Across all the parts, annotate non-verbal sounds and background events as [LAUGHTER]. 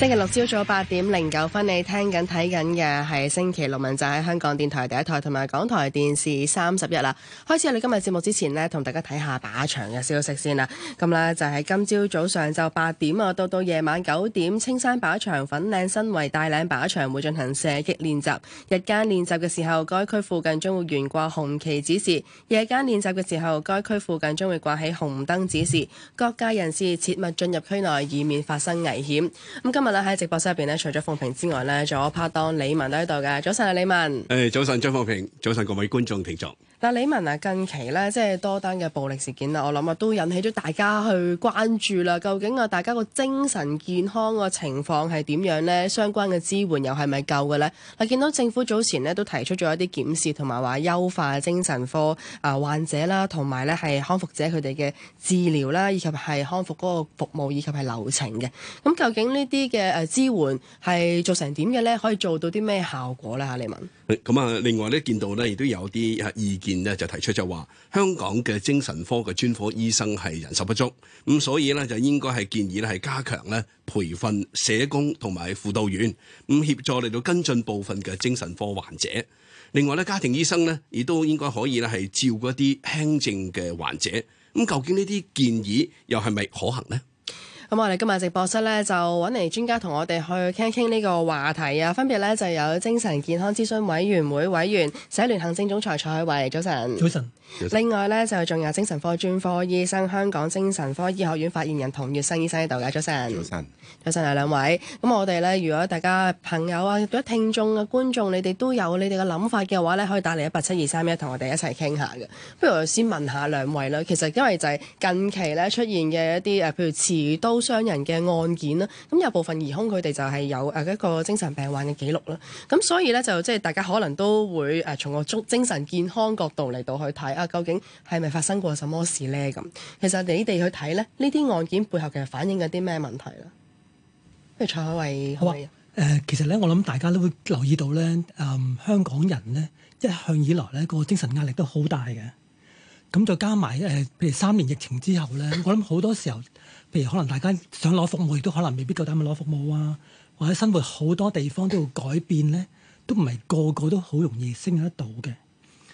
星期六朝早八點零九分，你聽緊睇緊嘅係星期六問責喺香港電台第一台同埋港台電視三十一啦。開始我哋今日節目之前呢，同大家睇下靶場嘅消息先啦。咁咧就喺今朝早上晝八點啊，到到夜晚九點，青山靶場粉嶺新圍大嶺靶場會進行射擊練習。日間練習嘅時候，該區附近將會懸掛紅旗指示；夜間練習嘅時候，該區附近將會掛起紅燈指示。各界人士切勿進入區內，以免發生危險。咁今日。好啦，喺直播室入邊咧，除咗鳳萍之外咧，仲有我拍檔李文都喺度嘅。早晨啊，李文。誒，早晨，張鳳萍，早晨，各位觀眾聽眾。但李文近期咧即係多單嘅暴力事件啦，我諗啊都引起咗大家去關注啦。究竟啊大家個精神健康個情況係點樣咧？相關嘅支援又係咪夠嘅咧？嗱，見到政府早前咧都提出咗一啲檢視同埋話優化精神科啊患者啦，同埋咧係康復者佢哋嘅治療啦，以及係康復嗰個服務以及係流程嘅。咁究竟呢啲嘅誒支援係做成點嘅咧？可以做到啲咩效果咧？嚇，李文。咁啊，另外咧，見到咧，亦都有啲意見咧，就提出就話香港嘅精神科嘅專科醫生係人手不足，咁所以咧就應該係建議咧係加強咧培訓社工同埋輔導員咁協助嚟到跟進部分嘅精神科患者。另外咧，家庭醫生咧亦都應該可以咧係照顧一啲輕症嘅患者。咁究竟呢啲建議又係咪可行呢？咁我哋今日直播室呢，就揾嚟專家同我哋去傾一傾呢個話題啊！分別呢，就有精神健康諮詢委員會委員、社聯行政總裁蔡海偉，早晨，早晨。另外呢，就仲有精神科專科醫生、香港精神科醫學院發言人童粵生醫生喺度嘅，早晨，早晨，早晨啊兩位。咁我哋呢，如果大家朋友啊、如果聽眾啊、觀眾，你哋都有你哋嘅諗法嘅話呢，可以打嚟一八七二三一同我哋一齊傾下嘅。不如我先問下兩位啦。其實因為就係近期呢出現嘅一啲譬如持刀傷人嘅案件啦，咁有部分疑凶佢哋就係有誒一個精神病患嘅記錄啦，咁所以咧就即係大家可能都會誒從個中精神健康角度嚟，到去睇啊，究竟係咪發生過什麼事咧？咁其實你哋去睇咧，呢啲案件背後其實反映緊啲咩問題啦？不如蔡海偉，好啊吧。誒以、呃，其實咧我諗大家都會留意到咧，誒、呃，香港人咧一向以來咧，個精神壓力都好大嘅，咁再加埋誒，譬、呃、如三年疫情之後咧，我諗好多時候。 [COUGHS] 譬如可能大家想攞服務，亦都可能未必夠膽去攞服務啊，或者生活好多地方都要改變咧，都唔係個個都好容易適應得到嘅。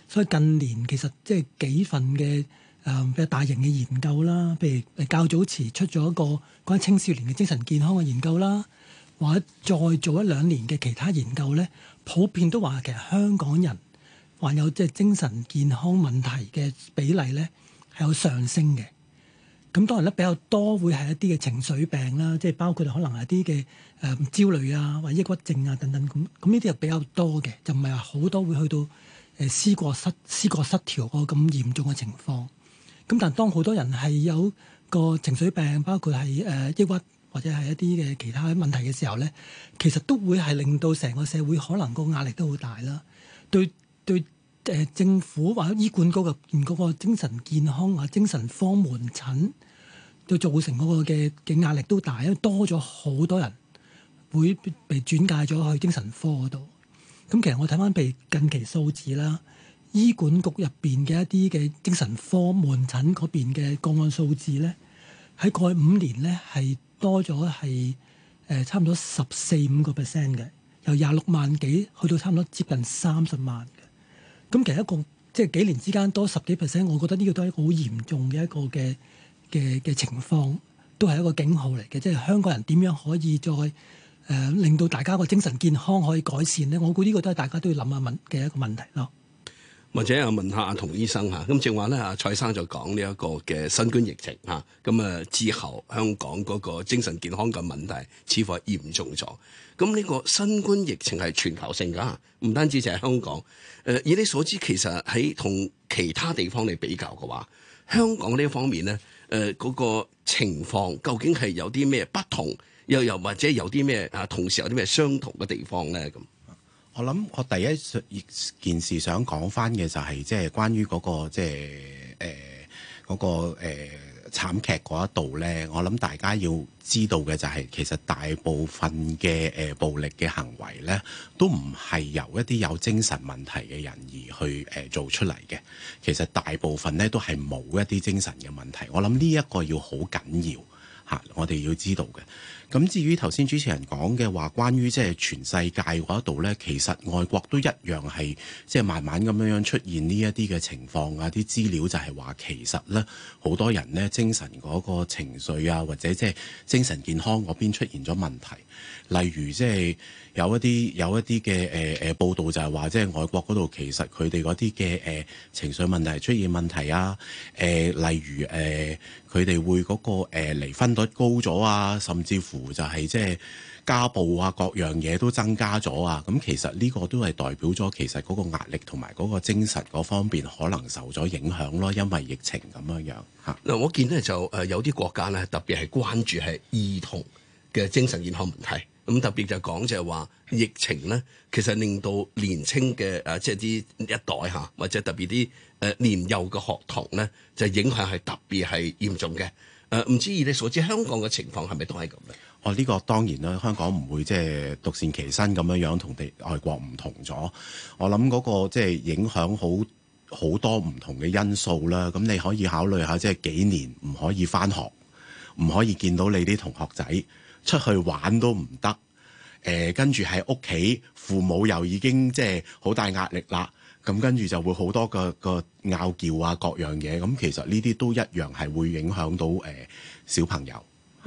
所以近年其實即係幾份嘅誒嘅大型嘅研究啦，譬如較早前出咗一個關於青少年嘅精神健康嘅研究啦，或者再做一兩年嘅其他研究咧，普遍都話其實香港人患有即係精神健康問題嘅比例咧係有上升嘅。咁當然咧比較多會係一啲嘅情緒病啦，即係包括可能係啲嘅誒焦慮啊，或抑鬱症啊等等咁。咁呢啲係比較多嘅，就唔係話好多會去到誒、呃、思覺失思覺失調個咁嚴重嘅情況。咁但係當好多人係有個情緒病，包括係誒、呃、抑鬱或者係一啲嘅其他問題嘅時候咧，其實都會係令到成個社會可能個壓力都好大啦。對對誒、呃、政府或者醫管局入個精神健康啊、或者精神科門診，就造成嗰個嘅嘅壓力都大，因為多咗好多人會被轉介咗去精神科嗰度。咁其實我睇翻譬如近期數字啦，醫管局入邊嘅一啲嘅精神科門診嗰邊嘅個案數字咧，喺過去五年咧，係多咗，係誒差唔多十四五個 percent 嘅，由廿六萬幾去到差唔多接近三十萬嘅。咁其實一共即係幾年之間多十幾 percent，我覺得呢個都係一個好嚴重嘅一個嘅。嘅嘅情況都係一個警號嚟嘅，即係香港人點樣可以再誒、呃、令到大家個精神健康可以改善咧？我估呢個都係大家都要諗下問嘅一個問題咯。或者我問下阿童醫生嚇，咁正話咧，阿蔡生就講呢一個嘅新冠疫情嚇，咁啊之後香港嗰個精神健康嘅問題似乎係嚴重咗。咁呢個新冠疫情係全球性噶，唔單止淨係香港。誒、啊、以你所知，其實喺同其他地方嚟比較嘅話，香港呢一方面咧。誒嗰、呃嗰個情況究竟係有啲咩不同，又又或者有啲咩啊，同時有啲咩相同嘅地方咧？咁我諗我第一件事想講翻嘅就係即係關於嗰、嗰個即係誒嗰個、呃慘劇嗰一度呢，我諗大家要知道嘅就係、是，其實大部分嘅誒暴力嘅行為呢，都唔係由一啲有精神問題嘅人而去誒做出嚟嘅。其實大部分呢，都係冇一啲精神嘅問題。我諗呢一個要好緊要吓，我哋要知道嘅。咁至於頭先主持人講嘅話，關於即係全世界嗰一度呢，其實外國都一樣係即係慢慢咁樣樣出現呢一啲嘅情況啊，啲資料就係話其實呢，好多人呢精神嗰個情緒啊，或者即係精神健康嗰邊出現咗問題。例如即係有一啲有一啲嘅誒誒報道就係話即係外國嗰度其實佢哋嗰啲嘅誒情緒問題出現問題啊誒、呃、例如誒佢哋會嗰、嗰個誒、呃、離婚率高咗啊甚至乎就係即係家暴啊各樣嘢都增加咗啊咁、嗯、其實呢個都係代表咗其實嗰個壓力同埋嗰個精神嗰方面可能受咗影響咯因為疫情咁樣樣吓嗱我見咧就誒有啲國家咧特別係關注係兒童嘅精神健康問題。咁特別就講就係話疫情咧，其實令到年青嘅誒，即係啲一代嚇、啊，或者特別啲誒年幼嘅學童咧，就影響係特別係嚴重嘅。誒、啊、唔知以你所知香港嘅情況係咪都係咁咧？哦，呢、呢個當然啦，香港唔會即係獨善其身咁樣樣同地外國唔同咗。我諗嗰個即係影響好好多唔同嘅因素啦。咁你可以考慮下，即、就、係、係、幾年唔可以返學，唔可以見到你啲同學仔。出去玩都唔得，誒跟住喺屋企，父母又已經即係好大壓力啦，咁跟住就會好多個個拗撬啊，各樣嘢，咁其實呢啲都一樣係會影響到誒、呃、小朋友。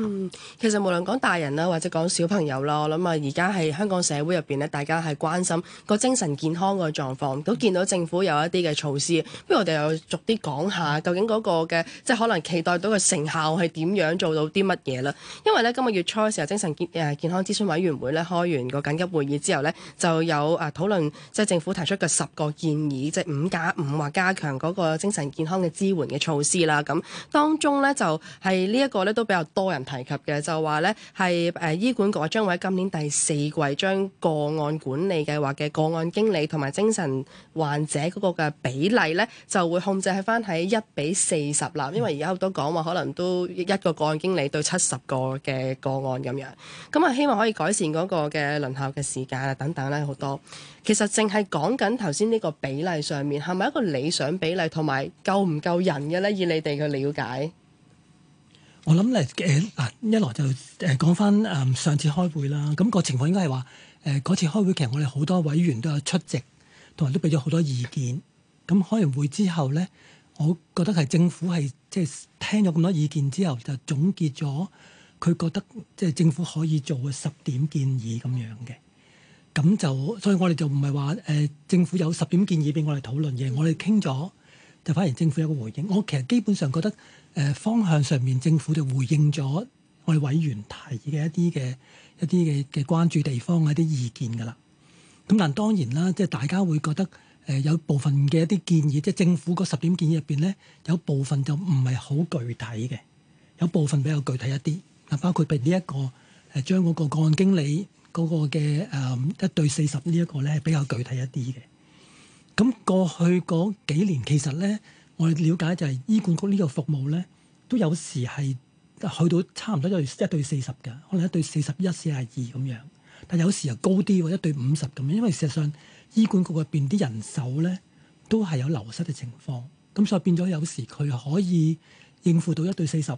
嗯，其實無論講大人啦，或者講小朋友啦，我諗啊，而家係香港社會入邊咧，大家係關心個精神健康個狀況，都見到政府有一啲嘅措施。不如我哋又逐啲講下，究竟嗰個嘅即係可能期待到嘅成效係點樣做到啲乜嘢啦？因為呢，今個月初嘅時候，精神健，健康諮詢委員會呢開完個緊急會議之後呢，就有誒討論，即係政府提出嘅十個建議，即係五加五話加強嗰個精神健康嘅支援嘅措施啦。咁當中呢，就係呢一個呢都比較多人。提及嘅就話，呢係誒醫管局啊，將會喺今年第四季將個案管理計劃嘅個案經理同埋精神患者嗰個嘅比例呢，就會控制喺翻喺一比四十啦。因為而家好多講話，可能都一個個案經理對七十個嘅個案咁樣。咁啊，希望可以改善嗰個嘅輪候嘅時間啊，等等啦，好多。其實淨係講緊頭先呢個比例上面，係咪一個理想比例同埋夠唔夠人嘅呢？以你哋嘅了解？我諗咧誒，嗱一來就誒講翻誒上次開會啦，咁個情況應該係話誒嗰次開會，其實我哋好多委員都有出席，同埋都俾咗好多意見。咁開完會之後咧，我覺得係政府係即係聽咗咁多意見之後，就總結咗佢覺得即係政府可以做嘅十點建議咁樣嘅。咁就所以我哋就唔係話誒政府有十點建議俾我哋討論嘅，我哋傾咗就反而政府有個回應。我其實基本上覺得。誒方向上面，政府就回應咗我哋委員提嘅一啲嘅一啲嘅嘅關注地方嘅一啲意見噶啦。咁但當然啦，即係大家會覺得誒有部分嘅一啲建議，即係政府嗰十點建議入邊咧，有部分就唔係好具體嘅，有部分比較具體一啲。啊，包括譬如呢、這、一個誒將嗰個個案經理嗰、那個嘅誒、嗯、一對四十呢一個咧，比較具體一啲嘅。咁過去嗰幾年其實咧。我哋了解就係醫管局呢個服務呢，都有時係去到差唔多就一對四十嘅，可能一對四十一、四十二咁樣。但有時又高啲，或一對五十咁，因為事實上醫管局入邊啲人手呢，都係有流失嘅情況，咁所以變咗有時佢可以應付到一對四十，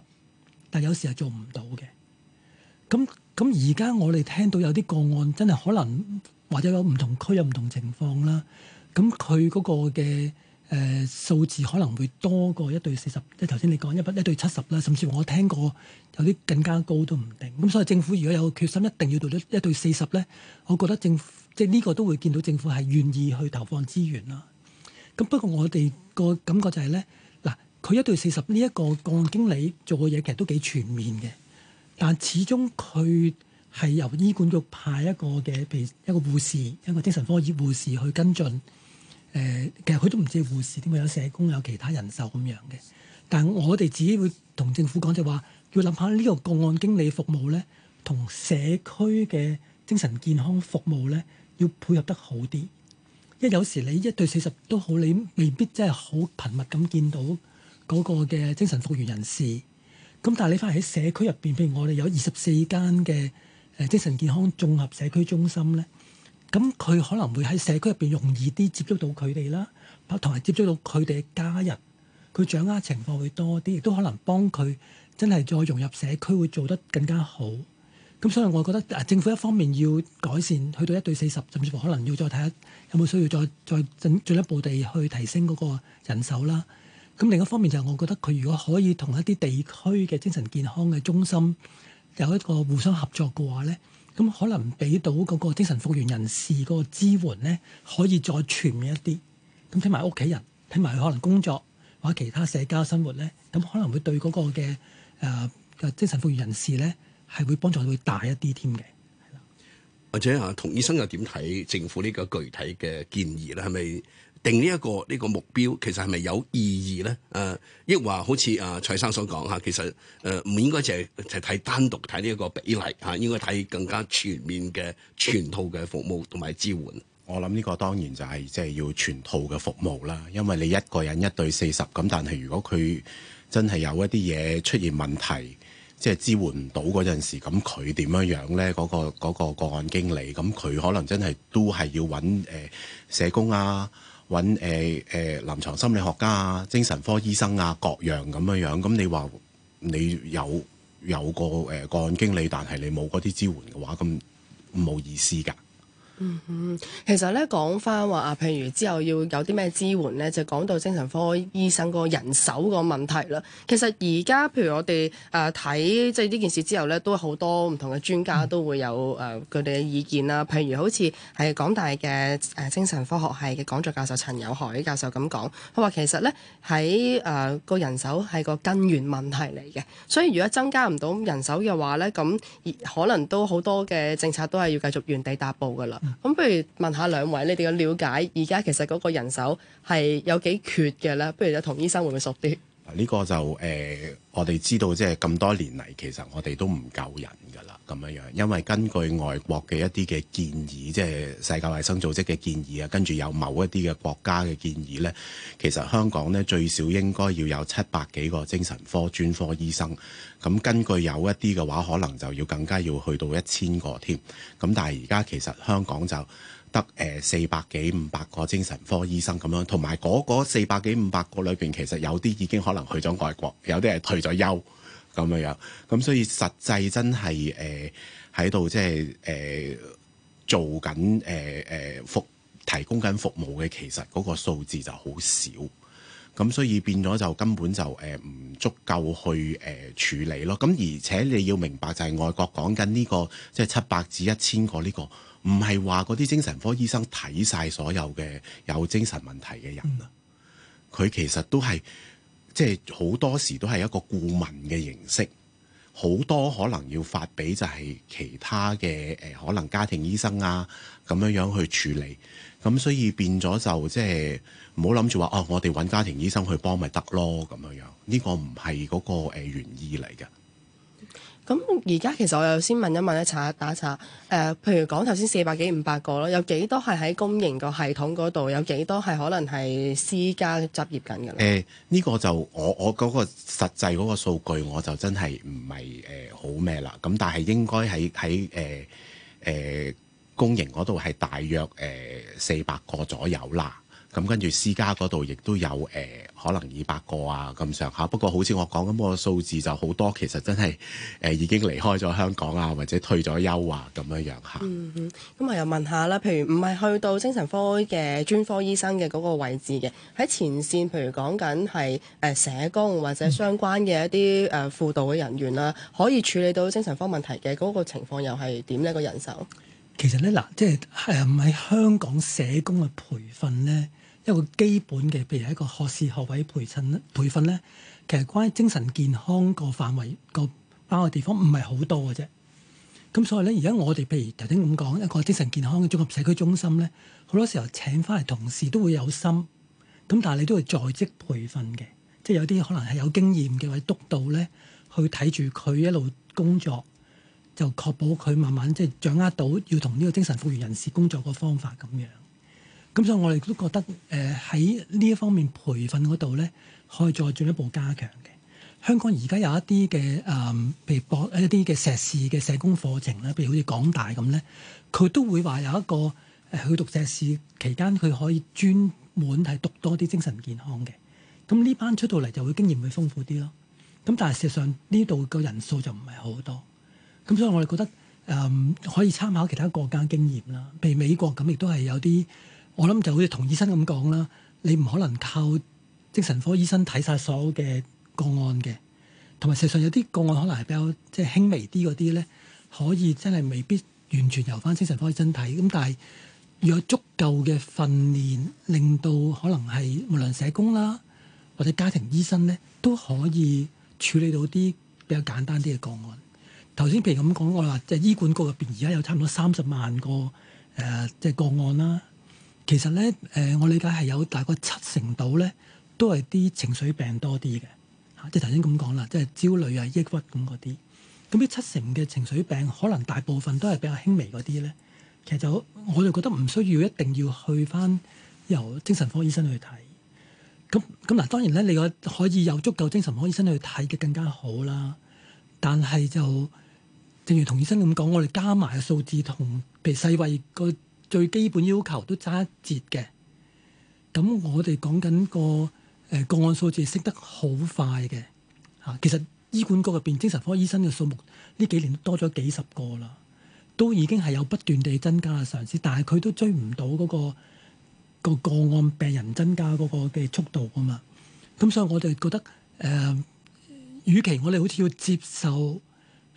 但有時係做唔到嘅。咁咁而家我哋聽到有啲個案真係可能或者有唔同區有唔同情況啦，咁佢嗰個嘅。誒、呃、數字可能會多過一對四十，即係頭先你講一一對七十啦，甚至乎我聽過有啲更加高都唔定。咁、嗯、所以政府如果有決心，一定要到一對四十呢，我覺得政府，即係呢個都會見到政府係願意去投放資源啦。咁不過我哋個感覺就係、是、呢，嗱佢一對四十呢一個個案經理做嘅嘢其實都幾全面嘅，但始終佢係由醫管局派一個嘅，譬如一個護士、一個精神科醫護士去跟進。誒，其實佢都唔知護士，點解有社工有其他人手咁樣嘅？但係我哋自己會同政府講就話，要諗下呢個個案經理服務呢，同社區嘅精神健康服務呢，要配合得好啲。因為有時你一對四十都好，你未必真係好頻密咁見到嗰個嘅精神復原人士。咁但係你翻嚟喺社區入邊，譬如我哋有二十四間嘅誒精神健康綜合社區中心呢。咁佢可能會喺社區入邊容易啲接觸到佢哋啦，同埋接觸到佢哋嘅家人，佢掌握情況會多啲，亦都可能幫佢真係再融入社區會做得更加好。咁所以我覺得啊，政府一方面要改善去到一對四十，甚至乎可能要再睇下有冇需要再再進進一步地去提升嗰個人手啦。咁另一方面就係我覺得佢如果可以同一啲地區嘅精神健康嘅中心有一個互相合作嘅話呢。咁可能俾到嗰個精神復原人士個支援咧，可以再全面一啲。咁睇埋屋企人，睇埋佢可能工作或者其他社交生活咧，咁可能會對嗰個嘅誒嘅精神復原人士咧，係會幫助會大一啲添嘅。或者啊，童醫生又點睇政府呢個具體嘅建議咧？係咪？定呢、這、一個呢、這個目標，其實係咪有意義呢？誒、啊，抑或好似啊蔡生所講嚇，其實誒唔、呃、應該淨係睇單獨睇呢一個比例嚇、啊，應該睇更加全面嘅全套嘅服務同埋支援。我諗呢個當然就係即係要全套嘅服務啦，因為你一個人一對四十咁，但係如果佢真係有一啲嘢出現問題，即、就、係、是、支援唔到嗰陣時，咁佢點樣樣呢？嗰、那個嗰、那個那個、個案經理咁，佢可能真係都係要揾誒、呃、社工啊。揾誒誒臨床心理學家啊、精神科醫生啊，各樣咁樣樣。咁你話你有有個誒、呃、個案經理，但係你冇嗰啲支援嘅話，咁冇意思㗎。嗯其實咧講返話啊，譬如之後要有啲咩支援呢？就講到精神科醫生個人手個問題啦。其實而家譬如我哋誒睇即係呢件事之後呢，都好多唔同嘅專家都會有誒佢哋嘅意見啦。譬如好似係港大嘅誒、呃、精神科學系嘅講座教授陳友凱教授咁講，佢話其實呢，喺誒個人手係個根源問題嚟嘅，所以如果增加唔到人手嘅話呢，咁可能都好多嘅政策都係要繼續原地踏步噶啦。嗯咁不如問下兩位，你哋嘅了解而家其實嗰個人手係有幾缺嘅咧？不如咧，同醫生會唔會熟啲？嗱，呢個就誒、呃、我哋知道即係咁多年嚟，其實我哋都唔夠人㗎啦。咁樣因為根據外國嘅一啲嘅建議，即係世界衞生組織嘅建議啊，跟住有某一啲嘅國家嘅建議呢，其實香港呢最少應該要有七百幾個精神科專科醫生。咁根據有一啲嘅話，可能就要更加要去到一千個添。咁但係而家其實香港就得誒四百幾五百個精神科醫生咁樣，同埋嗰個四百幾五百個裏邊，其實有啲已經可能去咗外國，有啲係退咗休。咁樣樣，咁所以實際真係誒喺度即係誒做緊誒誒服提供緊服務嘅，其實嗰個數字就好少，咁所以變咗就根本就誒唔、呃、足夠去誒、呃、處理咯。咁而且你要明白就係外國講緊呢個即係七百至一千個呢個，唔係話嗰啲精神科醫生睇晒所有嘅有精神問題嘅人啊，佢、嗯、其實都係。即係好多時都係一個顧問嘅形式，好多可能要發俾就係其他嘅誒、呃，可能家庭醫生啊咁樣樣去處理，咁所以變咗就即係唔好諗住話哦，我哋搵家庭醫生去幫咪得咯咁樣樣，呢、這個唔係嗰個、呃、原意嚟嘅。咁而家其實我又先問一問一查打一打查誒、呃，譬如講頭先四百幾五百個咯，有幾多係喺公營個系統嗰度？有幾多係可能係私家執業緊嘅咧？誒、呃，呢、呢個就我我嗰個實際嗰個數據，我就真係唔係誒好咩啦。咁但係應該喺喺誒誒公營嗰度係大約誒四百個左右啦。咁跟住私家嗰度亦都有誒、呃，可能二百個啊咁上下。不過好似我講咁個數字就好多，其實真係誒、呃、已經離開咗香港啊，或者退咗休啊咁樣樣嚇。嗯哼，咁我又問下啦，譬如唔係去到精神科嘅專科醫生嘅嗰個位置嘅，喺前線，譬如講緊係誒社工或者相關嘅一啲誒輔導嘅人員啦、嗯，可以處理到精神科問題嘅嗰、嗰個情況又係點呢？個人手其實呢，嗱，即係係唔係香港社工嘅培訓呢？一個基本嘅，譬如一個學士學位培訓咧，培訓咧，其實關於精神健康個範圍個包嘅地方唔係好多嘅啫。咁所以咧，而家我哋譬如頭先咁講一個精神健康嘅綜合社區中心咧，好多時候請翻嚟同事都會有心。咁但係你都會在職培訓嘅，即係有啲可能係有經驗嘅或者督導咧，去睇住佢一路工作，就確保佢慢慢即係、就是、掌握到要同呢個精神復原人士工作個方法咁樣。咁所以我哋都覺得，誒喺呢一方面培訓嗰度咧，可以再進一步加強嘅。香港而家有一啲嘅誒，譬如博一啲嘅碩士嘅社工課程啦，譬如好似港大咁咧，佢都會話有一個誒、呃、去讀碩士期間，佢可以專門係讀多啲精神健康嘅。咁呢班出到嚟就會經驗會豐富啲咯。咁但係事實上呢度嘅人數就唔係好多。咁所以我哋覺得誒、呃、可以參考其他國家經驗啦，譬如美國咁，亦都係有啲。我諗就好似同醫生咁講啦，你唔可能靠精神科醫生睇晒所有嘅個案嘅，同埋事實上有啲個案可能係比較即係輕微啲嗰啲咧，可以真係未必完全由返精神科醫生睇。咁但係要有足夠嘅訓練，令到可能係無論社工啦，或者家庭醫生咧，都可以處理到啲比較簡單啲嘅個案。頭先譬如咁講，我話即係醫管局入邊而家有差唔多三十萬個誒、呃，即係個案啦。其實咧，誒、呃，我理解係有大概七成度咧，都係啲情緒病多啲嘅，吓、啊，即係頭先咁講啦，即係焦慮啊、抑鬱咁嗰啲。咁呢七成嘅情緒病，可能大部分都係比較輕微嗰啲咧。其實我我就覺得唔需要一定要去翻由精神科醫生去睇。咁咁嗱，當然咧，你可以有足夠精神科醫生去睇嘅更加好啦。但係就，正如童醫生咁講，我哋加埋嘅數字同譬如世衛個。最基本要求都差一截嘅，咁我哋講緊個誒個案數字升得好快嘅嚇。其實醫管局入邊精神科醫生嘅數目呢幾年都多咗幾十個啦，都已經係有不斷地增加嘅嘗試，但係佢都追唔到嗰、嗰個嗰個個案病人增加嗰個嘅速度啊嘛。咁所以我哋覺得誒、呃，與其我哋好似要接受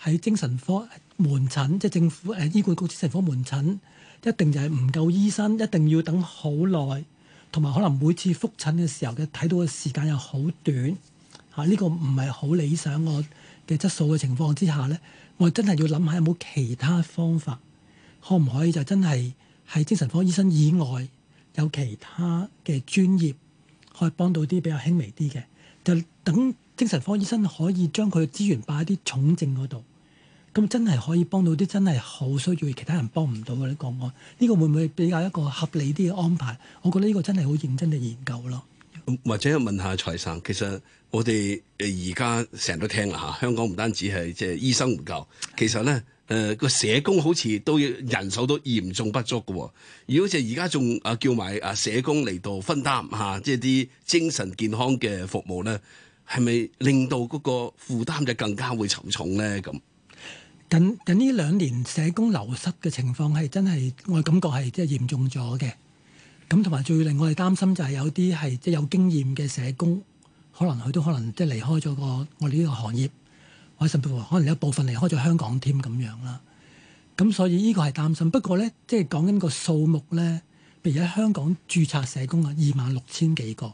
喺精神科門診，即、就、係、是、政府誒醫管局精神科門診。一定就係唔夠醫生，一定要等好耐，同埋可能每次復診嘅時候嘅睇到嘅時間又好短，嚇，呢個唔係好理想我嘅質素嘅情況之下呢，我真係要諗下有冇其他方法，可唔可以就真係喺精神科醫生以外有其他嘅專業可以幫到啲比較輕微啲嘅，就等精神科醫生可以將佢嘅資源擺喺啲重症嗰度。咁真係可以幫到啲真係好需要其他人幫唔到嘅啲個案，呢個會唔會比較一個合理啲嘅安排？我覺得呢個真係好認真嘅研究咯。或者問下蔡生，其實我哋誒而家成日都聽啦嚇，香港唔單止係即係醫生唔夠，其實咧誒個社工好似都要人手都嚴重不足㗎喎。如果就而家仲啊叫埋啊社工嚟到分擔嚇，即係啲精神健康嘅服務咧，係咪令到嗰個負擔就更加會沉重咧？咁？近近呢兩年社工流失嘅情況係真係我感覺係即係嚴重咗嘅。咁同埋最令我哋擔心就係有啲係即係有經驗嘅社工，可能佢都可能即係離開咗個我哋呢個行業，或者甚至乎可能有一部分離開咗香港添，咁樣啦。咁所以呢個係擔心。不過咧，即係講緊個數目咧，譬如喺香港註冊社工啊，二萬六千幾個，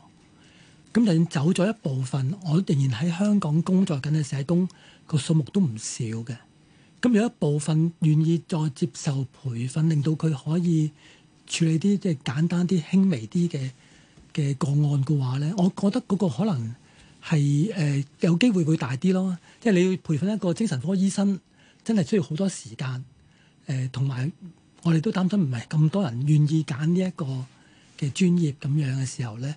咁就算走咗一部分，我仍然喺香港工作緊嘅社工個數目都唔少嘅。咁有一部分願意再接受培訓，令到佢可以處理啲即係簡單啲、輕微啲嘅嘅個案嘅話呢，我覺得嗰個可能係誒有機會會大啲咯。即係你要培訓一個精神科醫生，真係需要好多時間。誒，同埋我哋都擔心唔係咁多人願意揀呢一個嘅專業咁樣嘅時候呢，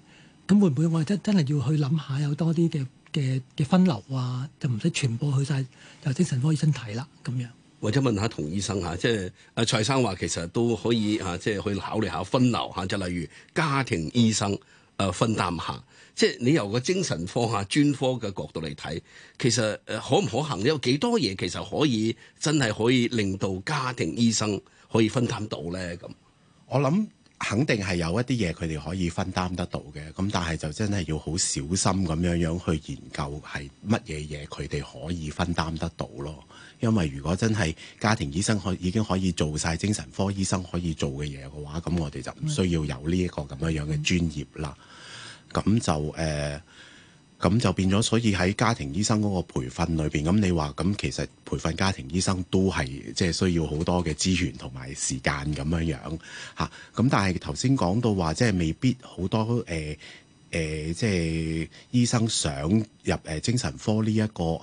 咁會唔會我哋真真係要去諗下有多啲嘅嘅嘅分流啊，就唔使全部去晒，就由精神科醫生睇啦，咁樣，或者問下童醫生吓，即係阿蔡生話，其實都可以嚇、啊，即係去考慮下分流嚇，就、啊、例如家庭醫生誒、啊、分擔下。即係你由個精神科嚇、啊、專科嘅角度嚟睇，其實誒可唔可行？有幾多嘢其實可以真係可以令到家庭醫生可以分擔到咧？咁我諗。肯定係有一啲嘢佢哋可以分擔得到嘅，咁但係就真係要好小心咁樣樣去研究係乜嘢嘢佢哋可以分擔得到咯。因為如果真係家庭醫生可已經可以做晒精神科醫生可以做嘅嘢嘅話，咁我哋就唔需要有呢一個咁樣、嗯、樣嘅專業啦。咁就誒。咁就變咗，所以喺家庭醫生嗰個培訓裏邊，咁你話咁其實培訓家庭醫生都係即係需要好多嘅資源同埋時間咁樣樣嚇。咁但係頭先講到話，即係未必好多誒。呃誒、呃，即係醫生想入誒、呃、精神科呢、呢、一個誒誒誒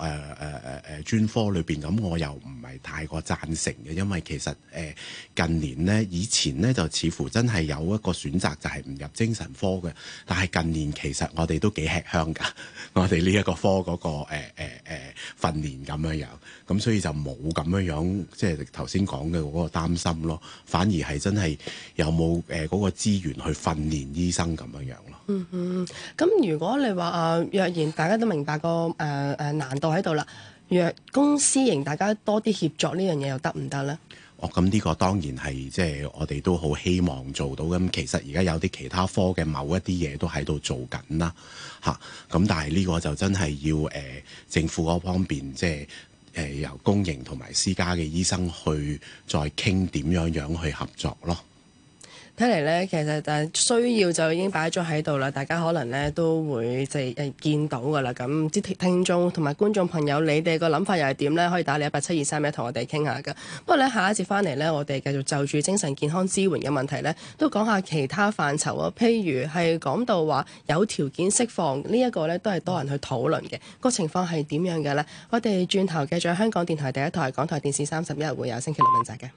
誒專科裏邊咁，我又唔係太過贊成嘅，因為其實誒、呃、近年咧，以前咧就似乎真係有一個選擇就係唔入精神科嘅。但係近年其實我哋都幾吃香㗎，我哋呢一個科嗰、嗰個誒誒誒訓練咁樣樣，咁所以就冇咁樣樣，即係頭先講嘅嗰個擔心咯。反而係真係有冇誒嗰個資源去訓練醫生咁樣樣咯。嗯嗯，咁、嗯、如果你話啊，若然大家都明白個誒誒、呃呃、難度喺度啦，若公私營大家多啲協作呢樣嘢又得唔得咧？哦，咁呢個當然係即係我哋都好希望做到咁。其實而家有啲其他科嘅某一啲嘢都喺度做緊啦，嚇、啊。咁但係呢個就真係要誒、呃、政府嗰方面，即係誒由公營同埋私家嘅醫生去再傾點樣樣去合作咯。睇嚟咧，其實就係需要就已經擺咗喺度啦。大家可能咧都會即係見到噶啦。咁啲聽眾同埋觀眾朋友，你哋個諗法又係點咧？可以打你一八七二三一同我哋傾下噶。不過咧，下一節翻嚟咧，我哋繼續就住精神健康支援嘅問題咧，都講下其他範疇咯。譬如係講到話有條件釋放、呢個、呢一個咧，都係多人去討論嘅。嗰個情況係點樣嘅咧？我哋轉頭繼續香港電台第一台、港台電視三十一，會有星期六問責嘅。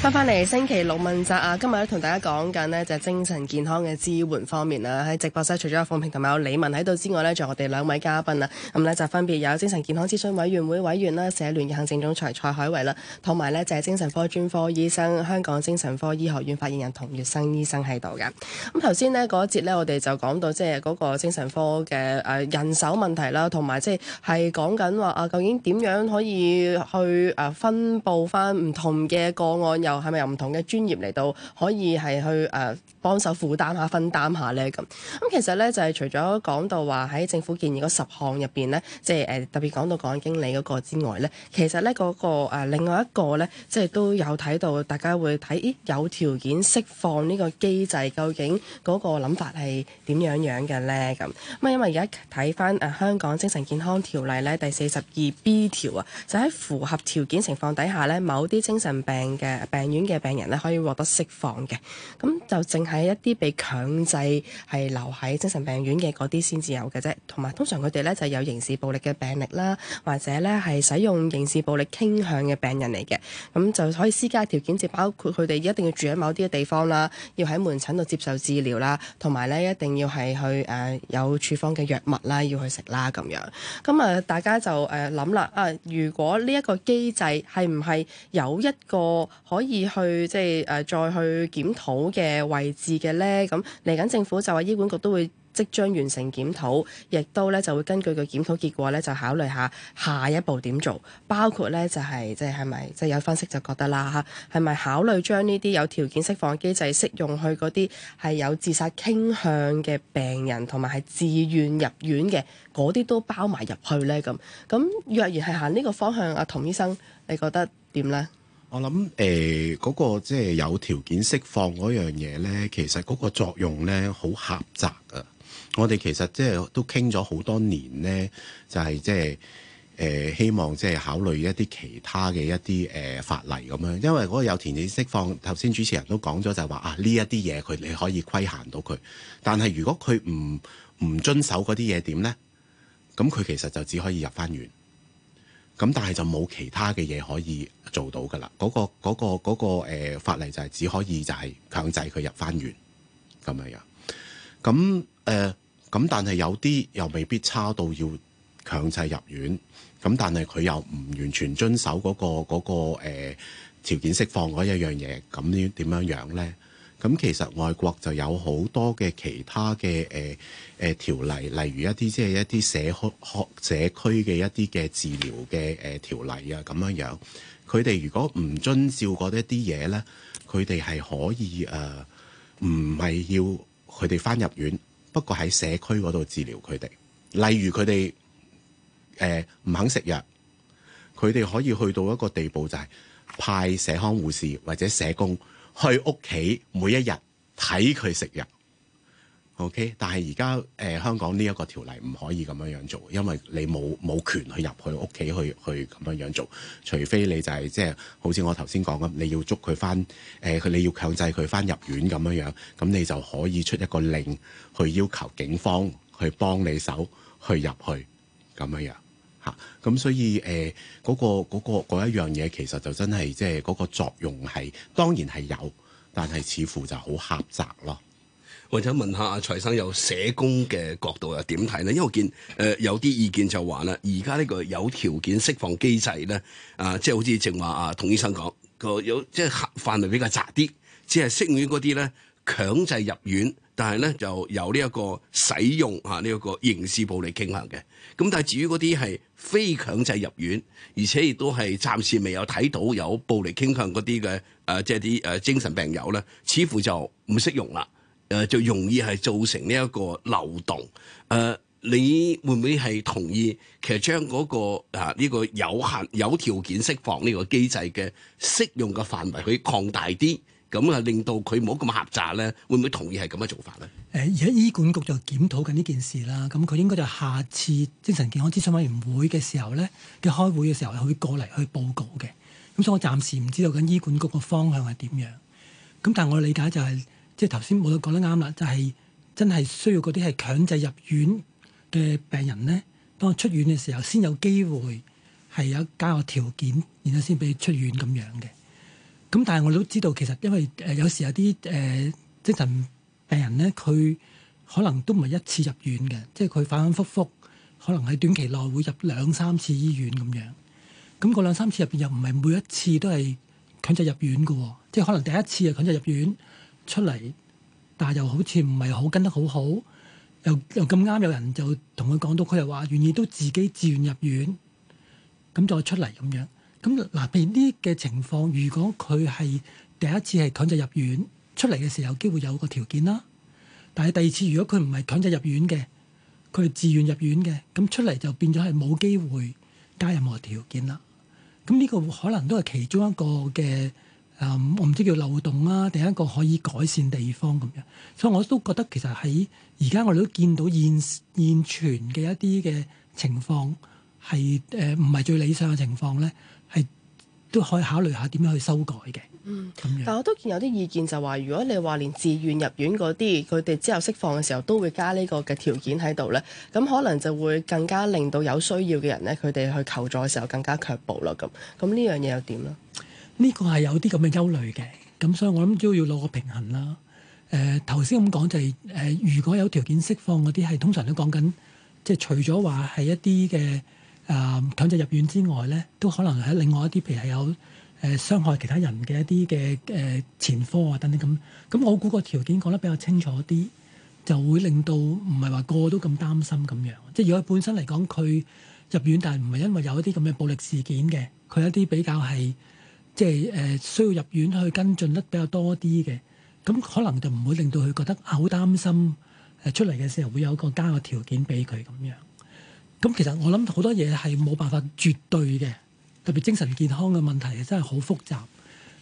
翻翻嚟星期六問責啊！今日咧同大家講緊呢，就係精神健康嘅支援方面啦。喺直播室除咗阿鳳平同埋有李文喺度之外呢，仲有我哋兩位嘉賓啊，咁、嗯、呢，就分別有精神健康諮詢委員會委員啦，社聯行政總裁蔡、蔡海偉啦，同埋呢，就係精神科專科醫生，香港精神科醫學院發言人童粵生醫生喺度嘅。咁頭先呢嗰一節咧，我哋就講到即係嗰個精神科嘅誒人手問題啦，同埋即係係講緊話啊，究竟點樣可以去誒分佈翻唔同嘅個案又係咪有唔同嘅專業嚟到可以係去誒幫、呃、手負擔下、分擔下咧？咁咁其實咧就係除咗講到話喺政府建議嗰十項入邊咧，即係誒、呃、特別講到個案經理嗰個之外咧，其實咧嗰、那個、呃、另外一個咧，即係都有睇到大家會睇，咦？有條件釋放呢個機制，究竟嗰個諗法係點樣呢樣嘅咧？咁咁啊，因為而家睇翻誒香港精神健康條例咧第四十二 B 條啊，就喺、是、符合條件情況底下咧，某啲精神病嘅病院嘅病人咧可以獲得釋放嘅，咁就淨係一啲被強制繫留喺精神病院嘅嗰啲先至有嘅啫，同埋通常佢哋咧就有刑事暴力嘅病歷啦，或者咧係使用刑事暴力傾向嘅病人嚟嘅，咁就可以施加條件，就包括佢哋一定要住喺某啲嘅地方啦，要喺門診度接受治療啦，同埋咧一定要係去誒、呃、有處方嘅藥物啦，要去食啦咁樣。咁啊、呃，大家就誒諗啦，啊、呃呃、如果呢一個機制係唔係有一個可以以去即係誒、呃，再去檢討嘅位置嘅咧，咁嚟緊政府就話醫管局都會即將完成檢討，亦都咧就會根據個檢討結果咧，就考慮下下一步點做，包括咧就係、是、即係係咪即係有分析就覺得啦嚇，係咪考慮將呢啲有條件釋放機制適用去嗰啲係有自殺傾向嘅病人同埋係自願入院嘅嗰啲都包埋入去咧咁？咁若然係行呢個方向，阿童醫生，你覺得點咧？我諗誒嗰個即係有條件釋放嗰樣嘢呢，其實嗰個作用呢好狹窄啊！我哋其實即係都傾咗好多年呢，就係即係希望即係考慮一啲其他嘅一啲誒法例咁樣，因為嗰個有條件釋放，頭先主持人都講咗就係話啊呢一啲嘢佢你可以規限到佢，但係如果佢唔唔遵守嗰啲嘢點呢？咁佢其實就只可以入翻院。咁但係就冇其他嘅嘢可以做到噶啦，嗰個嗰個嗰個誒法例就係只可以就係強制佢入翻院咁樣樣。咁誒咁但係有啲又未必差到要強制入院。咁但係佢又唔完全遵守嗰個嗰個誒條件釋放嗰一樣嘢。咁呢點樣樣咧？咁其實外國就有好多嘅其他嘅誒誒條例，例如一啲即係一啲社區學社區嘅一啲嘅治療嘅誒、呃、條例啊咁樣樣。佢哋如果唔遵照嗰一啲嘢咧，佢哋係可以誒，唔、呃、係要佢哋返入院，不過喺社區嗰度治療佢哋。例如佢哋誒唔肯食藥，佢哋可以去到一個地步就係、是、派社康護士或者社工。去屋企每一日睇佢食藥，OK。但係而家誒香港呢一個條例唔可以咁樣樣做，因為你冇冇權去入去屋企去去咁樣樣做。除非你就係、是、即係好似我頭先講咁，你要捉佢翻誒佢，你要強制佢翻入院咁樣樣，咁你就可以出一個令去要求警方去幫你手去入去咁樣樣。咁所以誒嗰、呃那個嗰一、那個那個、樣嘢其實就真係即係嗰個作用係當然係有，但係似乎就好狹窄咯。或者問下阿、啊、財生有社工嘅角度又點睇咧？因為我見誒、呃、有啲意見就話啦，而家呢個有條件釋放機制咧，啊，即係好似正話啊，童醫生講個有即係範圍比較窄啲，只係適用於嗰啲咧強制入院。但係咧，就有呢一個使用嚇呢一個刑事暴力傾向嘅。咁但係至於嗰啲係非強制入院，而且亦都係暫時未有睇到有暴力傾向嗰啲嘅誒，即係啲誒精神病友咧，似乎就唔適用啦。誒、啊、就容易係造成呢一個漏洞。誒、啊，你會唔會係同意其實將嗰、嗰個啊呢、呢個有限有條件釋放呢個機制嘅適用嘅範圍去擴大啲？咁啊，令到佢冇咁狹窄咧，會唔會同意係咁嘅做法咧？誒，而家醫管局就檢討緊呢件事啦。咁佢應該就下次精神健康諮詢委員會嘅時候咧，嘅開會嘅時候，佢係會過嚟去報告嘅。咁所以我暫時唔知道緊醫管局個方向係點樣。咁但係我理解就係、是，即係頭先我都講得啱啦，就係、是、真係需要嗰啲係強制入院嘅病人咧，當佢出院嘅時候先有機會係有加個條件，然後先俾佢出院咁樣嘅。咁但係我都知道，其實因為誒、呃、有時有啲誒、呃、精神病人咧，佢可能都唔係一次入院嘅，即係佢反反覆覆，可能喺短期內會入兩三次醫院咁樣。咁個兩三次入院又唔係每一次都係強制入院嘅喎，即係可能第一次係強制入院出嚟，但係又好似唔係好跟得好好，又又咁啱有人就同佢講到，佢又話願意都自己自願入院，咁再出嚟咁樣。.咁嗱，譬如呢嘅情況，如果佢係第一次係強制入院出嚟嘅時候，有機會有個條件啦。但係第二次，如果佢唔係強制入院嘅，佢係自願入院嘅，咁出嚟就變咗係冇機會加任何條件啦。咁呢個可能都係其中一個嘅誒、呃，我唔知叫漏洞啦、啊，定一個可以改善地方咁樣。所以我都覺得其實喺而家我哋都見到現現存嘅一啲嘅情況係誒唔係最理想嘅情況咧。都可以考慮下點樣去修改嘅。嗯，咁樣。但我都見有啲意見就話，如果你話連自願入院嗰啲，佢哋之後釋放嘅時候都會加呢個嘅條件喺度咧，咁可能就會更加令到有需要嘅人咧，佢哋去求助嘅時候更加卻步啦。咁，咁呢樣嘢又點呢？呢個係有啲咁嘅憂慮嘅。咁所以我諗都要攞個平衡啦。誒、呃，頭先咁講就係、是、誒、呃，如果有條件釋放嗰啲係通常都講緊，即、就、係、是、除咗話係一啲嘅，誒強制入院之外咧，都可能喺另外一啲，譬如係有誒、呃、傷害其他人嘅一啲嘅誒前科啊等等咁。咁我估個條件講得比較清楚啲，就會令到唔係話個個都咁擔心咁樣。即係如果本身嚟講，佢入院，但係唔係因為有一啲咁嘅暴力事件嘅，佢一啲比較係即係誒、呃、需要入院去跟進得比較多啲嘅，咁可能就唔會令到佢覺得啊好擔心。誒出嚟嘅時候會有一個加個條件俾佢咁樣。咁其實我諗好多嘢係冇辦法絕對嘅，特別精神健康嘅問題真係好複雜。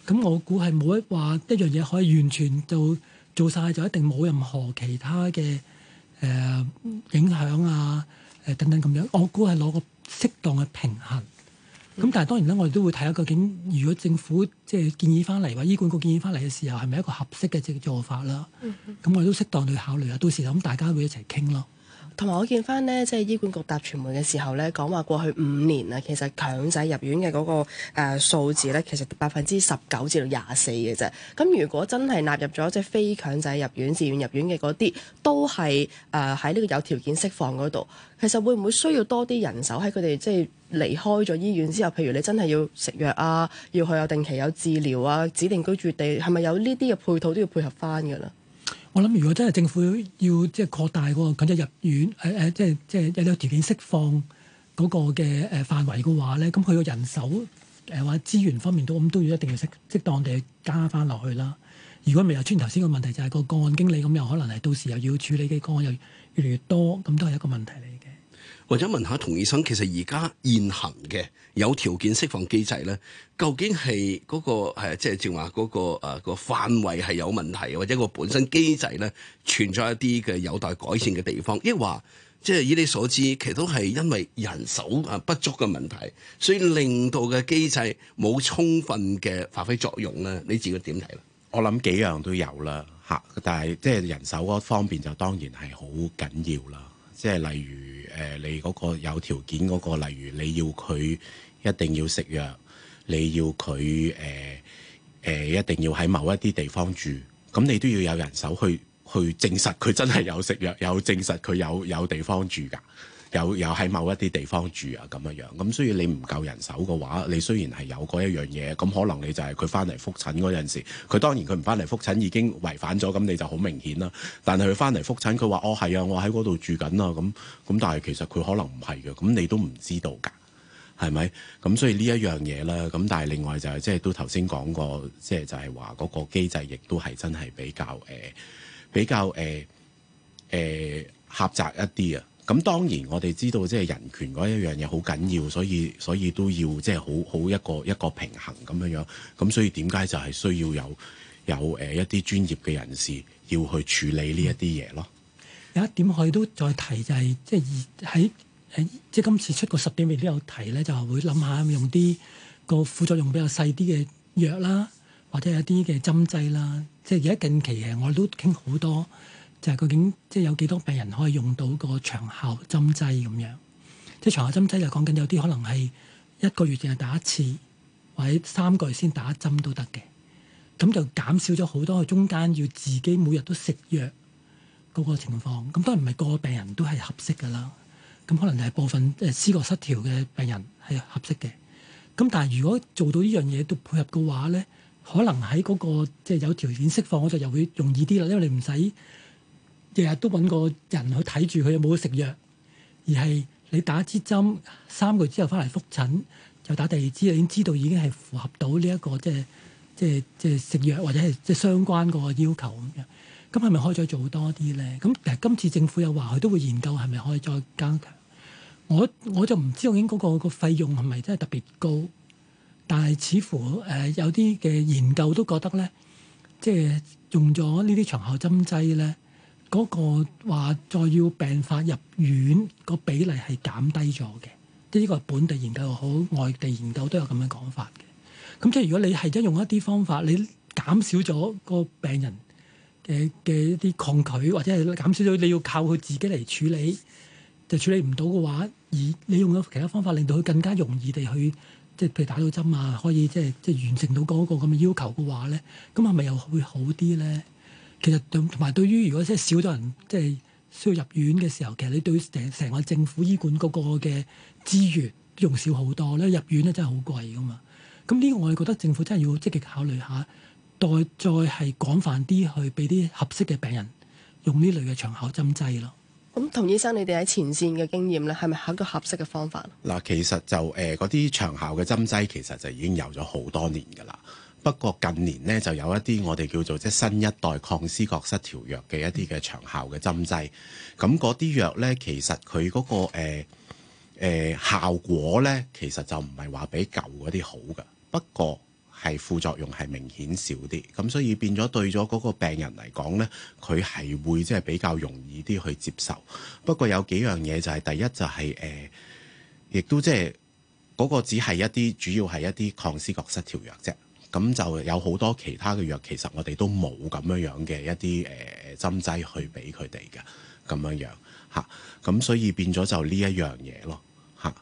咁我估係冇一話一樣嘢可以完全做做曬就一定冇任何其他嘅誒、呃、影響啊誒、呃、等等咁樣。我估係攞個適當嘅平衡。咁但係當然啦，我哋都會睇下究竟，如果政府即係建議翻嚟話醫管局建議翻嚟嘅時候，係咪一個合適嘅一做法啦？咁我哋都適當去考慮啊。到時諗大家會一齊傾咯。同埋我見翻咧，即係醫管局答傳媒嘅時候咧，講話過去五年啊，其實強制入院嘅嗰、嗰個誒、呃、數字咧，其實百分之十九至到廿四嘅啫。咁如果真係納入咗即係非強制入院、自願入院嘅嗰啲，都係誒喺呢個有條件釋放嗰度，其實會唔會需要多啲人手喺佢哋即係離開咗醫院之後，譬如你真係要食藥啊，要去有定期有治療啊，指定居住地，係咪有呢啲嘅配套都要配合翻㗎啦？我諗，如果真係政府要即係擴大個緊急入院，誒誒，即係、那個呃呃、即係有條件釋放嗰個嘅誒範圍嘅話咧，咁佢個人手誒或者資源方面都咁都要一定要適適當地加翻落去啦。如果未有，穿頭先個問題就係、是、個個案經理咁，又可能係到時又要處理嘅個案又越嚟越多，咁都係一個問題嚟嘅。或者問下童醫生，其實而家現行嘅有條件釋放機制咧，究竟係嗰個誒，即係正話嗰個誒，個範圍係有問題，或者個本身機制咧存在一啲嘅有待改善嘅地方，亦話即係以你所知，其實都係因為人手啊不足嘅問題，所以令到嘅機制冇充分嘅發揮作用咧。你自己點睇咧？我諗幾樣都有啦嚇，但係即係人手嗰方面就當然係好緊要啦。即係例如誒、呃，你嗰個有條件嗰、嗰個，例如你要佢一定要食藥，你要佢誒誒一定要喺某一啲地方住，咁你都要有人手去去證實佢真係有食藥，有證實佢有有地方住㗎。有有喺某一啲地方住啊，咁樣樣咁，所以你唔夠人手嘅話，你雖然係有嗰一樣嘢，咁可能你就係佢翻嚟復診嗰陣時，佢當然佢唔翻嚟復診已經違反咗，咁你就好明顯啦。但係佢翻嚟復診，佢話哦，係啊，我喺嗰度住緊啊。咁咁，但係其實佢可能唔係嘅，咁你都唔知道㗎，係咪？咁所以呢一樣嘢咧，咁但係另外就係即係都頭先講過，即係就係話嗰個機制亦都係真係比較誒比較誒誒狹窄一啲啊。咁當然我哋知道即係人權嗰一樣嘢好緊要，所以所以都要即係好好一個一個平衡咁樣樣。咁所以點解就係需要有有誒一啲專業嘅人士要去處理呢一啲嘢咯。有一點可以都再提就係即係喺喺即係今次出個十點未都有提咧，就會諗下用啲個副作用比較細啲嘅藥啦，或者一啲嘅針劑啦。即係而家近期嘅我都傾好多。就係究竟即係有幾多病人可以用到個長效針劑咁樣？即係長效針劑就講緊有啲可能係一個月淨係打一次，或者三個月先打一針都得嘅。咁就減少咗好多嘅中間要自己每日都食藥嗰個情況。咁當然唔係個個病人都係合適㗎啦。咁可能係部分誒思覺失調嘅病人係合適嘅。咁但係如果做到呢樣嘢都配合嘅話咧，可能喺嗰個即係有條件釋放我就又會容易啲啦，因為你唔使。日日都揾個人去睇住佢，有冇食藥，而係你打支針三個月之後翻嚟復診，又打第二支，已經知道已經係符合到呢一個即係即係即係食藥或者係即相關個要求咁樣。咁係咪可以再做多啲咧？咁其實今次政府又話佢都會研究係咪可以再加強。我我就唔知究竟嗰個個費用係咪真係特別高，但係似乎誒有啲嘅研究都覺得咧，即係用咗呢啲長效針劑咧。嗰個話再要病發入院個比例係減低咗嘅，即呢個係本地研究又好，外地研究都有咁嘅講法嘅。咁即係如果你係真用一啲方法，你減少咗個病人嘅嘅一啲抗拒，或者係減少咗你要靠佢自己嚟處理，就處理唔到嘅話，而你用咗其他方法，令到佢更加容易地去，即係譬如打到針啊，可以即係即係完成到嗰個咁嘅要求嘅話咧，咁係咪又會好啲咧？其實同同埋對於如果真係少咗人即係、就是、需要入院嘅時候，其實你對成成個政府醫管嗰個嘅資源用少好多咧，入院咧真係好貴噶嘛。咁呢，我哋覺得政府真係要積極考慮下，代再係廣泛啲去俾啲合適嘅病人用呢類嘅長效針劑咯。咁，童醫生你哋喺前線嘅經驗咧，係咪一個合適嘅方法？嗱，其實就誒嗰啲長效嘅針劑其實就已經有咗好多年㗎啦。不過近年咧，就有一啲我哋叫做即係新一代抗思覺失調藥嘅一啲嘅長效嘅針劑。咁嗰啲藥咧，其實佢嗰、那個誒、呃呃、效果咧，其實就唔係話比舊嗰啲好嘅。不過係副作用係明顯少啲，咁所以變咗對咗嗰個病人嚟講咧，佢係會即係比較容易啲去接受。不過有幾樣嘢就係、是、第一就係、是、誒、呃，亦都即係嗰個只係一啲主要係一啲抗思覺失調藥啫。咁就有好多其他嘅藥，其實我哋都冇咁樣樣嘅一啲誒、呃、針劑去俾佢哋嘅咁樣樣嚇，咁、啊、所以變咗就呢一樣嘢咯嚇。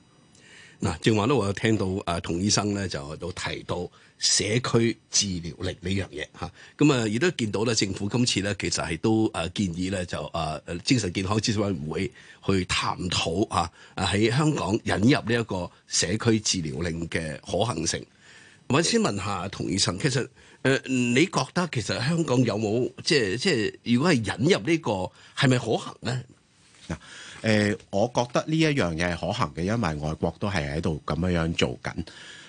嗱、啊，正話咧，我聽到啊，童醫生咧就都提到社區治療令呢樣嘢嚇，咁啊亦、啊、都見到咧，政府今次咧其實係都誒建議咧就誒、啊、精神健康諮詢委員會去探討啊啊喺香港引入呢一個社區治療令嘅可行性。我先問下童醫生，其實誒、呃，你覺得其實香港有冇即係即係，如果係引入呢、這個係咪可行咧？嗱，誒，我覺得呢一樣嘢係可行嘅，因為外國都係喺度咁樣樣做緊。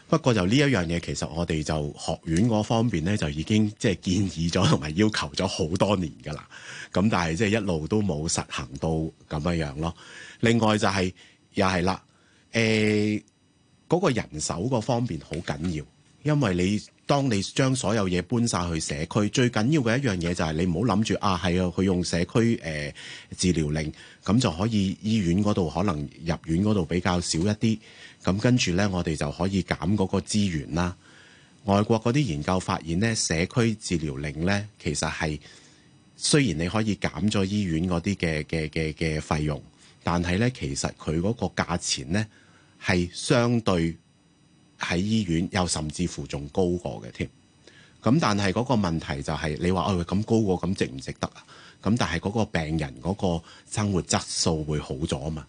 不過就呢一樣嘢，其實我哋就學院嗰方面咧，就已經即係建議咗同埋要求咗好多年噶啦。咁但係即係一路都冇實行到咁樣樣咯。另外就係、是、又係啦，誒、呃，嗰、那個人手嗰方面好緊要。因為你當你將所有嘢搬晒去社區，最緊要嘅一樣嘢就係你唔好諗住啊，係啊，佢用社區誒、呃、治療令，咁就可以醫院嗰度可能入院嗰度比較少一啲，咁跟住呢，我哋就可以減嗰個資源啦。外國嗰啲研究發現呢，社區治療令呢，其實係雖然你可以減咗醫院嗰啲嘅嘅嘅嘅費用，但係呢，其實佢嗰個價錢呢係相對，喺醫院又甚至乎仲高過嘅添，咁但係嗰個問題就係、係、你話哦咁高過咁值唔值得啊？咁但係嗰個病人嗰、嗰個生活質素會好咗吖嘛？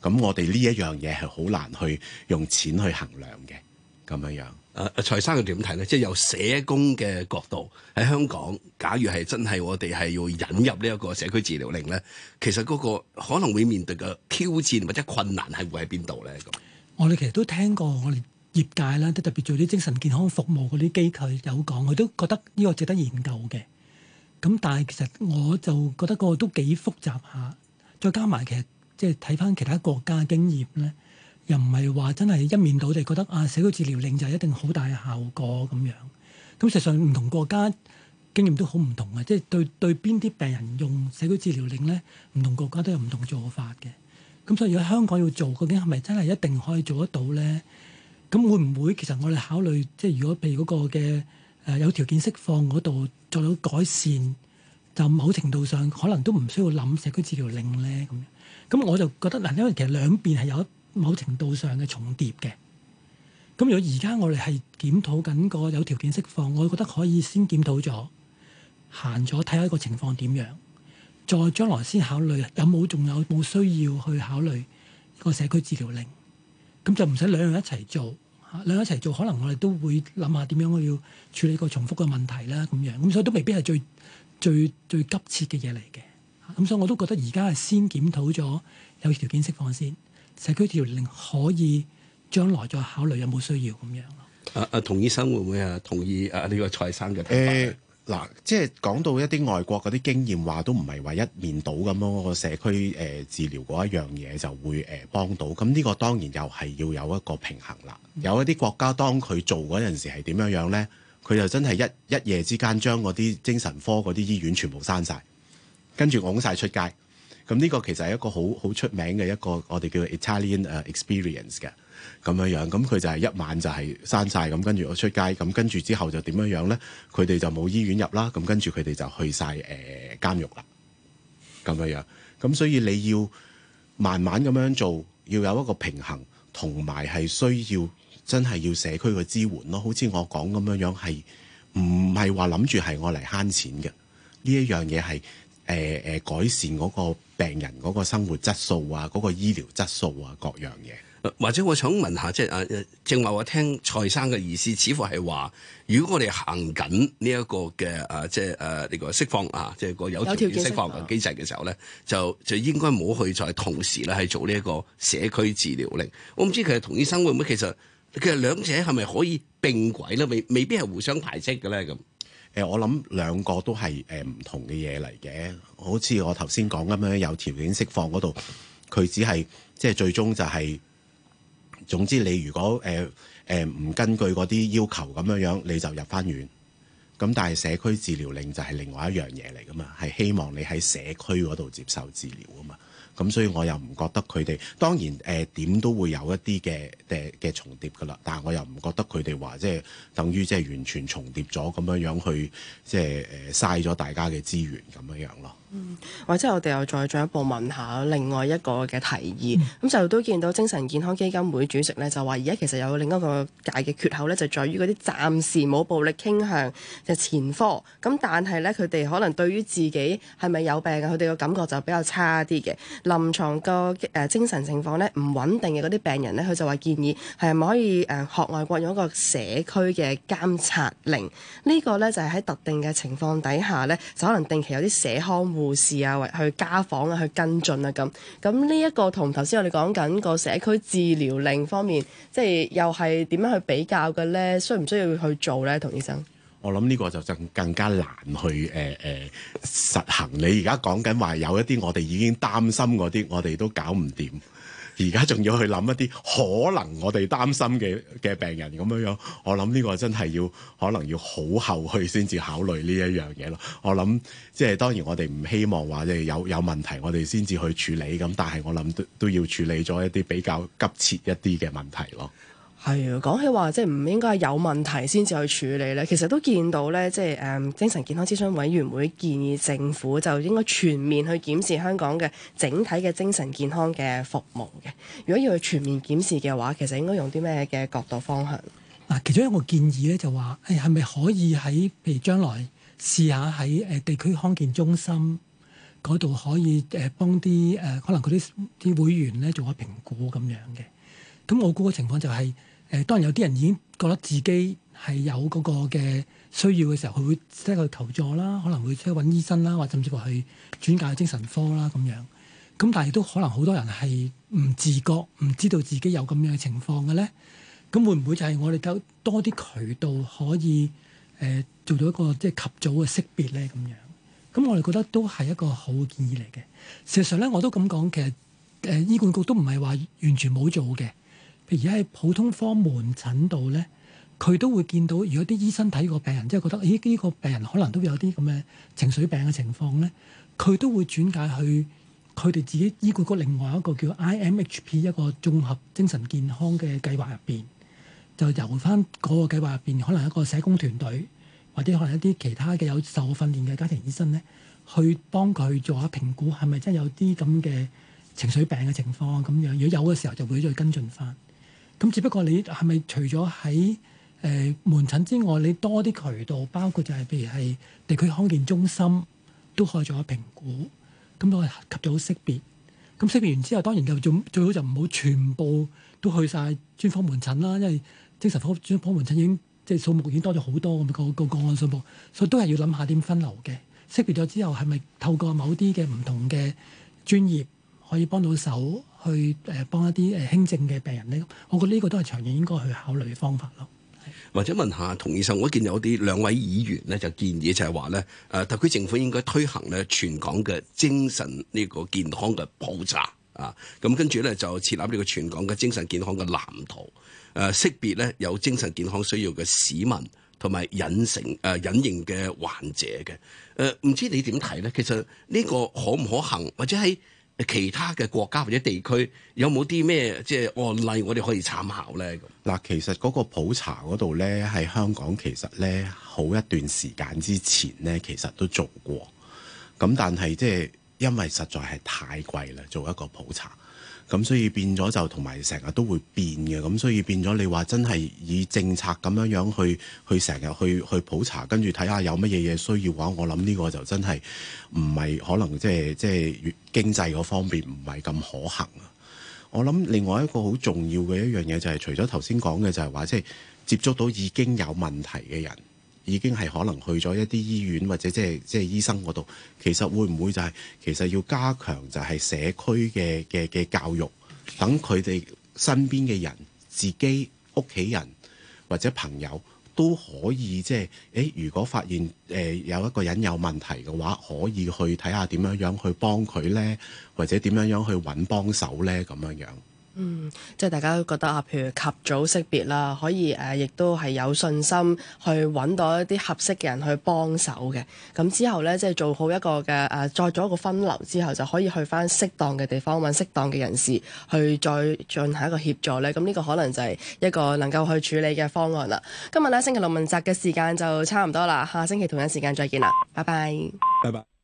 咁我哋呢一樣嘢係好難去用錢去衡量嘅咁樣樣。誒、阿蔡生又點睇咧？即係由社工嘅角度喺香港，假如係真係我哋係要引入呢一個社區治療令咧，其實嗰個可能會面對嘅挑戰或者困難係會喺邊度咧？咁我哋其實都聽過我哋。業界啦，都特別做啲精神健康服務嗰啲機構有講，佢都覺得呢個值得研究嘅。咁但係其實我就覺得個都幾複雜下，再加埋其實即係睇翻其他國家經驗咧，又唔係話真係一面倒，就係覺得啊，社區治療令就一定好大嘅效果咁樣。咁實際上唔同國家經驗都好唔同嘅，即係對對邊啲病人用社區治療令咧，唔同國家都有唔同做法嘅。咁所以喺香港要做，究竟係咪真係一定可以做得到咧？咁會唔會其實我哋考慮即係如果被嗰個嘅誒、呃、有條件釋放嗰度做到改善，就某程度上可能都唔需要諗社區治療令咧咁。咁我就覺得嗱，因為其實兩邊係有某程度上嘅重疊嘅。咁如果而家我哋係檢討緊個有條件釋放，我覺得可以先檢討咗行咗，睇下個情況點樣，再將來先考慮有冇仲有冇需要去考慮個社區治療令。咁就唔使兩樣一齊做。兩一齊做，可能我哋都會諗下點樣我要處理個重複嘅問題啦，咁樣，咁所以都未必係最最最急切嘅嘢嚟嘅。咁所以我都覺得而家係先檢討咗有條件釋放先，社區條令可以將來再考慮有冇需要咁樣。啊啊，童醫生會唔會啊同意啊呢、這個蔡生嘅誒？欸嗱，即係講到一啲外國嗰啲經驗話，話都唔係話一面倒咁咯。個社區誒、呃、治療嗰一樣嘢就會誒、呃、幫到咁呢個當然又係要有一個平衡啦。嗯、有一啲國家當佢做嗰陣時係點樣樣呢，佢就真係一一夜之間將嗰啲精神科嗰啲醫院全部閂晒，跟住拱晒出街。咁呢個其實係一個好好出名嘅一個我哋叫 Italian、uh, experience 嘅。咁樣樣，咁佢就係一晚就係閂晒。咁，跟住我出街咁，跟住之後就點樣樣咧？佢哋就冇醫院入啦，咁跟住佢哋就去晒誒、呃、監獄啦。咁樣樣，咁所以你要慢慢咁樣做，要有一個平衡，同埋係需要真係要社區嘅支援咯。好似我講咁樣樣，係唔係話諗住係我嚟慳錢嘅呢一樣嘢，係誒誒改善嗰個病人嗰個生活質素啊，嗰、嗰個醫療質素啊，各樣嘢。或者我想問下，即係誒，正話我聽蔡生嘅意思，似乎係話，如果我哋行緊呢、這、一個嘅誒、啊，即係誒呢個釋放啊，即係個有條件釋放嘅機制嘅時候咧，啊、就就應該冇去再同時咧係做呢一個社區治療令。我唔知其實童醫生會唔會其實其實兩者係咪可以並軌咧？未未必係互相排斥嘅咧咁。誒、欸，我諗兩個都係誒唔同嘅嘢嚟嘅。好似我頭先講咁樣，有條件釋放嗰度，佢只係即係、就是、最終就係、是。總之，你如果誒誒唔根據嗰啲要求咁樣樣，你就入返院咁。但係社區治療令就係另外一樣嘢嚟噶嘛，係希望你喺社區嗰度接受治療啊嘛。咁所以我又唔覺得佢哋當然誒點、呃、都會有一啲嘅嘅嘅重疊噶啦，但係我又唔覺得佢哋話即係等於即係完全重疊咗咁樣樣去即係誒嘥咗大家嘅資源咁樣樣咯。或者我哋又再進一步問下另外一個嘅提議，咁、嗯嗯、就都見到精神健康基金會主席呢就話，而家其實有另一個大嘅缺口呢，就在於嗰啲暫時冇暴力傾向嘅前科，咁、嗯、但係呢，佢哋可能對於自己係咪有病嘅，佢哋嘅感覺就比較差啲嘅臨床個誒、呃、精神情況呢唔穩定嘅嗰啲病人呢，佢就話建議係咪可以誒、呃、學外國用一個社區嘅監察令，呢、這個呢，就係、是、喺特定嘅情況底下呢，就可能定期有啲社康會。護士啊，或去家訪啊，去跟進啊，咁咁呢一個同頭先我哋講緊個社區治療令方面，即係又係點樣去比較嘅咧？需唔需要去做咧？童醫生，我諗呢個就更更加難去誒誒、呃呃、實行。你而家講緊話有一啲我哋已經擔心嗰啲，我哋都搞唔掂。而家仲要去諗一啲可能我哋擔心嘅嘅病人咁樣樣，我諗呢個真係要可能要好後去先至考慮呢一樣嘢咯。我諗即係當然我哋唔希望話即係有有問題，我哋先至去處理咁，但係我諗都都要處理咗一啲比較急切一啲嘅問題咯。係啊，講起話即係唔應該係有問題先至去處理咧。其實都見到咧，即係誒、嗯、精神健康諮詢委員會建議政府就應該全面去檢視香港嘅整體嘅精神健康嘅服務嘅。如果要去全面檢視嘅話，其實應該用啲咩嘅角度方向？嗱，其中一個建議咧就話誒，係、哎、咪可以喺譬如將來試下喺誒、呃、地區康健中心嗰度可以誒幫啲誒可能嗰啲啲會員咧做下評估咁樣嘅。咁我估個情況就係、是。誒當然有啲人已經覺得自己係有嗰個嘅需要嘅時候，佢會即係去求助啦，可能會即係揾醫生啦，或者甚至乎去轉介精神科啦咁樣。咁但係都可能好多人係唔自覺、唔知道自己有咁樣嘅情況嘅咧。咁會唔會就係我哋多多啲渠道可以誒、呃、做到一個即係及早嘅識別咧？咁樣咁我哋覺得都係一個好建議嚟嘅。事實上咧，我都咁講，其實誒、呃、醫管局都唔係話完全冇做嘅。而家喺普通科門診度咧，佢都會見到，如果啲醫生睇個病人即係覺得，咦呢個病人可能都有啲咁嘅情緒病嘅情況呢，咧，佢都會轉介去佢哋自己醫管局另外一個叫 IMHP 一個綜合精神健康嘅計劃入邊，就由翻嗰個計劃入邊可能一個社工團隊，或者可能一啲其他嘅有受過訓練嘅家庭醫生咧，去幫佢做下評估，係咪真係有啲咁嘅情緒病嘅情況，咁樣如果有嘅時候就會再跟進翻。咁只不過你係咪除咗喺誒門診之外，你多啲渠道，包括就係譬如係地區康健中心都可以做下評估。咁都係及早識別。咁識別完之後，當然就做最好就唔好全部都去晒專科門診啦，因為精神科專科門診已經即係、就是、數目已經多咗好多咁個個個,個個個案數目，所以都係要諗下點分流嘅。識別咗之後，係咪透過某啲嘅唔同嘅專業可以幫到手？去誒幫一啲誒輕症嘅病人咧，我覺得呢個都係長遠應該去考慮嘅方法咯。或者問下童醫生，我見有啲兩位議員咧就建議就係話咧，誒特區政府應該推行咧全港嘅精神呢個健康嘅普查啊。咁跟住咧就設立呢個全港嘅精神健康嘅、啊、藍圖，誒、啊、識別咧有精神健康需要嘅市民同埋隱形誒隱形嘅、啊、患者嘅。誒、啊、唔知你點睇咧？其實呢個可唔可行，或者係？其他嘅國家或者地區有冇啲咩即係案例，我哋可以參考咧？嗱，其實嗰個普查嗰度咧，喺香港其實咧好一段時間之前咧，其實都做過，咁但係即係因為實在係太貴啦，做一個普查。咁所以變咗就同埋成日都會變嘅，咁所以變咗你話真係以政策咁樣樣去去成日去去普查，跟住睇下有乜嘢嘢需要嘅話，我諗呢個就真係唔係可能即係即係經濟嗰方面唔係咁可行啊！我諗另外一個好重要嘅一樣嘢就係，除咗頭先講嘅就係話即係接觸到已經有問題嘅人。已經係可能去咗一啲醫院或者即係即係醫生嗰度，其實會唔會就係、是、其實要加強就係社區嘅嘅嘅教育，等佢哋身邊嘅人、自己屋企人或者朋友都可以即係誒。如果發現誒、呃、有一個人有問題嘅話，可以去睇下點樣樣去幫佢呢，或者點樣樣去揾幫手呢？咁樣樣。嗯，即係大家都覺得啊，譬如及早識別啦，可以誒、啊，亦都係有信心去揾到一啲合適嘅人去幫手嘅。咁之後呢，即係做好一個嘅誒、啊，再做一個分流之後，就可以去翻適當嘅地方揾適當嘅人士去再進行一個協助呢。咁呢個可能就係一個能夠去處理嘅方案啦。今日呢，星期六問責嘅時間就差唔多啦，下星期同一時間再見啦，拜拜，拜拜。